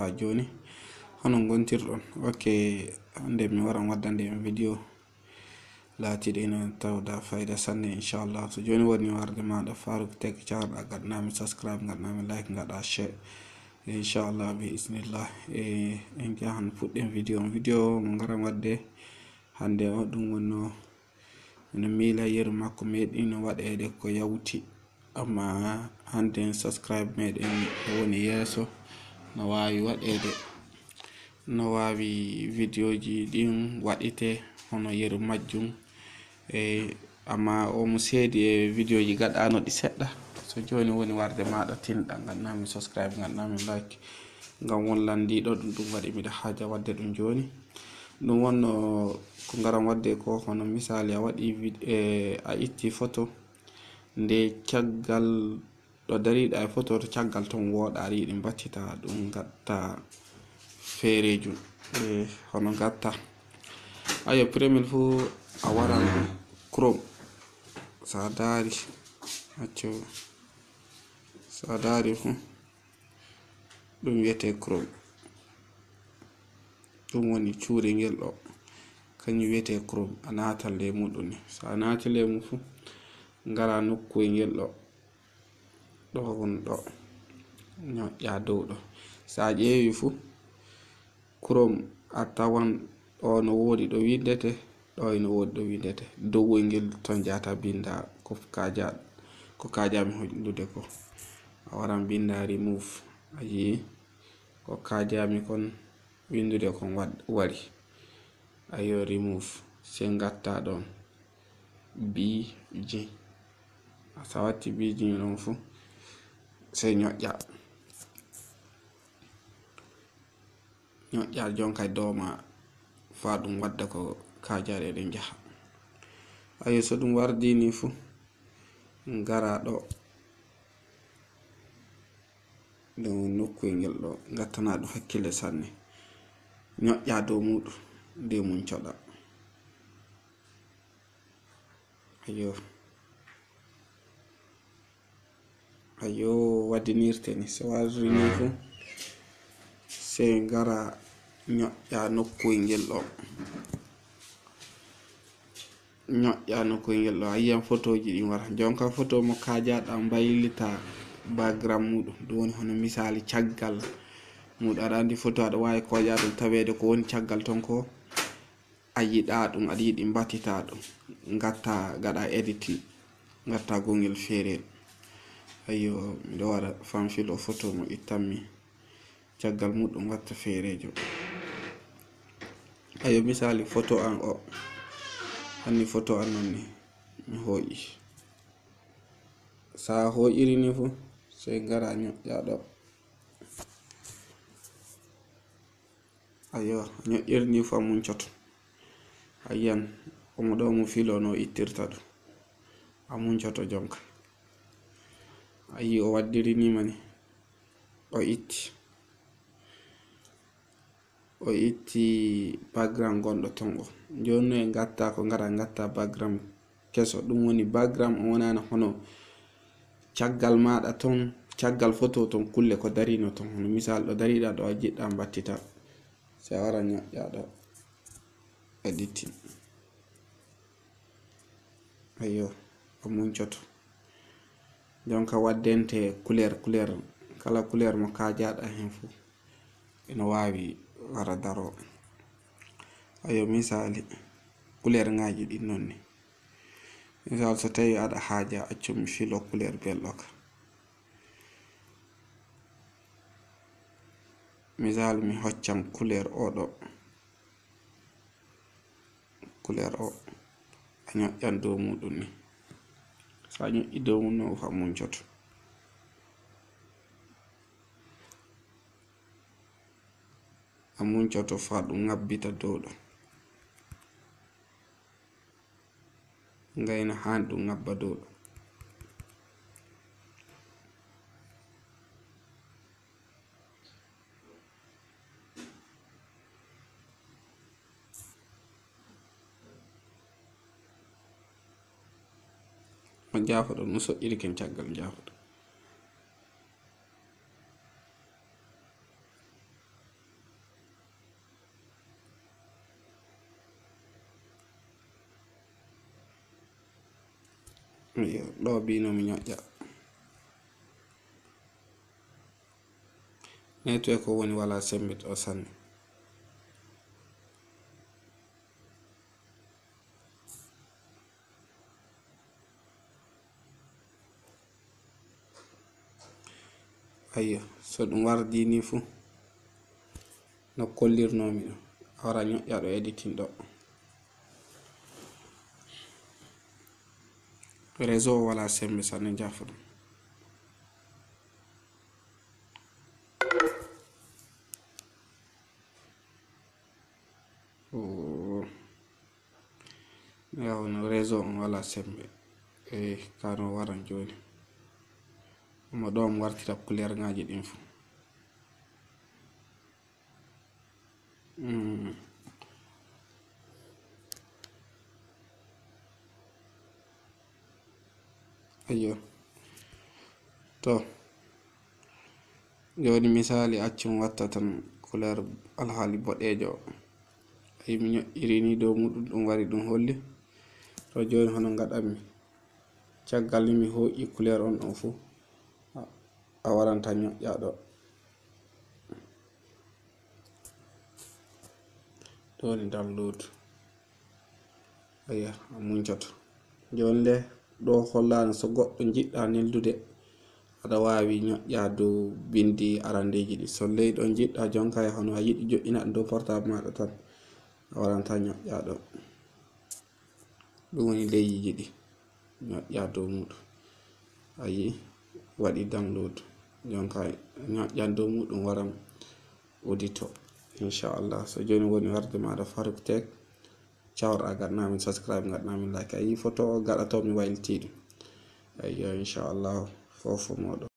E joni hono gontirɗon ok hande mi waran wadda nde video latiɗo ino tawda fayida sanne inchallah so joni woni warde maɗa faruk tek carɗa gaɗnami subscribe gaɗnami like gaɗa che inchallah bi isnillah e en jahan fuɗɗen video video mo garan wadde hande o ɗum wonno no mila yeru makko meɗi no waɗede ko yawti amma hande subscribe meɗen o e woni yeeso no wawi waɗede no wawi vidéo ji ɗin waɗite hono yeru majjum e amma omo seedi e vidéo ji gaɗano ɗi seɗɗa so joni woni warde maɗa tinɗa gandami subscribe gandami like gam wonlandiɗo ɗum ɗum waɗi mbiɗa haaja wadde ɗum joni ɗum wonno ko ngaran wadde ko hono misali a waɗi e, a itti photo nde caggal ɗo dariɗa e photo to caggal ton woɗari ɗi mbaccita ɗum gatta feerejum e hono gatta ayo premier fu a waran chrome sa daari acco sa daari fu ɗum wiyete chrome ɗum woni cuuri ngel ɗo kañum wiyete crome a nata lemu ɗum ni so a nata lemu fu gara nokkuel ngel ɗo ɗo won ɗo ñoƴƴa dow ɗo so a ƴeewi fu crome a tawan ɗo no woodi ɗo windete ɗo no woodi ɗo windete dowgol ngel ton jata binda ko kaja ko kajami hollude ko a waran binda remove a yii ko kajami kon windude kon wari ayo remove se gatta ɗon bg asa watti bg ɗon fu se ñoƴƴa ñoƴƴa jonka dowma fa ɗum wadda ko kajare ɗe jaha ayo so ɗum wardini fu gara ɗo ɗum nokkuyel ɗo gattana ɗum hakkille sanne ñoƴƴa dow muɗum de mun coɗa ayo ayo waddinirte ni se warini fu se gara ñoƴƴa nokkuyngel ɗo ñoƴƴa nokkuyngel ɗo ayiyan photo ji ɗin wara jonka photo mo kajaɗa mbaylita bagram muɗum ɗum woni hono misali caggal muɗum aɗa andi photo aɗa wawi koƴa ɗum tawede ko woni caggal ton ko a yiɗa ɗum aɗa yiɗi mbatita ɗum gatta gaɗa editi gatta gongel feere ayyo miɗo waɗa fanfil o photo mo ittanmi caggal muɗum watta feerejo ayyo misali photo an o hanni photo an nonni mi hoƴi sa hoƴiri ni fu sey gara ñoƴƴa ɗo ayyo ñoƴƴirni fu a muncoto hayyan omo ɗo mo filo no ittirta ɗum a muncoto jonka ayi o waddirinimani o itti o itti background gonɗo tongo joni e gatta ko gara gatta background keso ɗum woni background o wonani hono caggal maɗa ton caggal foto ton kulle ko darino ton hono misal ɗo dariɗa ɗo a jiɗɗa battita se a wara ñoƴƴaɗo editing ayo omuncoto jonka waddente couleur couleur kala couleur mo ka jaɗa hen fuu ene wawi wara daro ayo misali couleur ngaji ɗi nonni ni misal so tawi aɗa haaja accumi filo couleur belɗo ka misal mi hoccan couleur oɗo couleur o a ñoƴƴan dow muɗum ni so a ñoƴƴi dow mum ni o fa mun joto a muncoto fa ɗum ŋabbita dow ɗon ngayno hani ɗum ŋabba dow ɗon njafoɗo non soƴƴiri ken caggal njafoɗo ɗo bino mi ñoƴƴa netwe ko woni wala sembit o sanne ayo so ɗum wardi ni fuu no kollirnomi ɗo a wara ñoƴƴa ɗo editin ɗo réseau o wala sembe sanne jafo ɗum yawno réseau on wala sembe e kano waran joni ma ɗo mi wartira couleur ngaji ɗin fu mm. ayo to joni misali accumi watta tan couleur alhaali boɗejo ayi mi ñoƴƴirini dow muɗum ɗum wari ɗum holli to joni hono gaɗanmi caggal ni mi hoƴƴi couleur on ɗon fuu a waranta ñoƴƴaɗo ɗoni download aya a muñcoto joni nde ɗo hollani so goɗɗo jiɗɗa neldude aɗa wawi ñoƴƴa dow bindi arandeji ɗi so ley ɗo jiɗɗa jonka e hono a yiɗi joƴƴina ɗe dow portable maɗa tan a waranta ñoƴƴa ɗo ɗum woni leyyiji ɗi ñoƴƴa dow muɗum ayi waɗi download jonka ñoƴƴan muɗum waran udito inchallah so joni woni warde maɗa faruk tek cawrɗa gaɗanamin subscribe gaɗanamin like a yi photo gaɗa to mi waylitiɗum eyyo inchallah fofo moɗon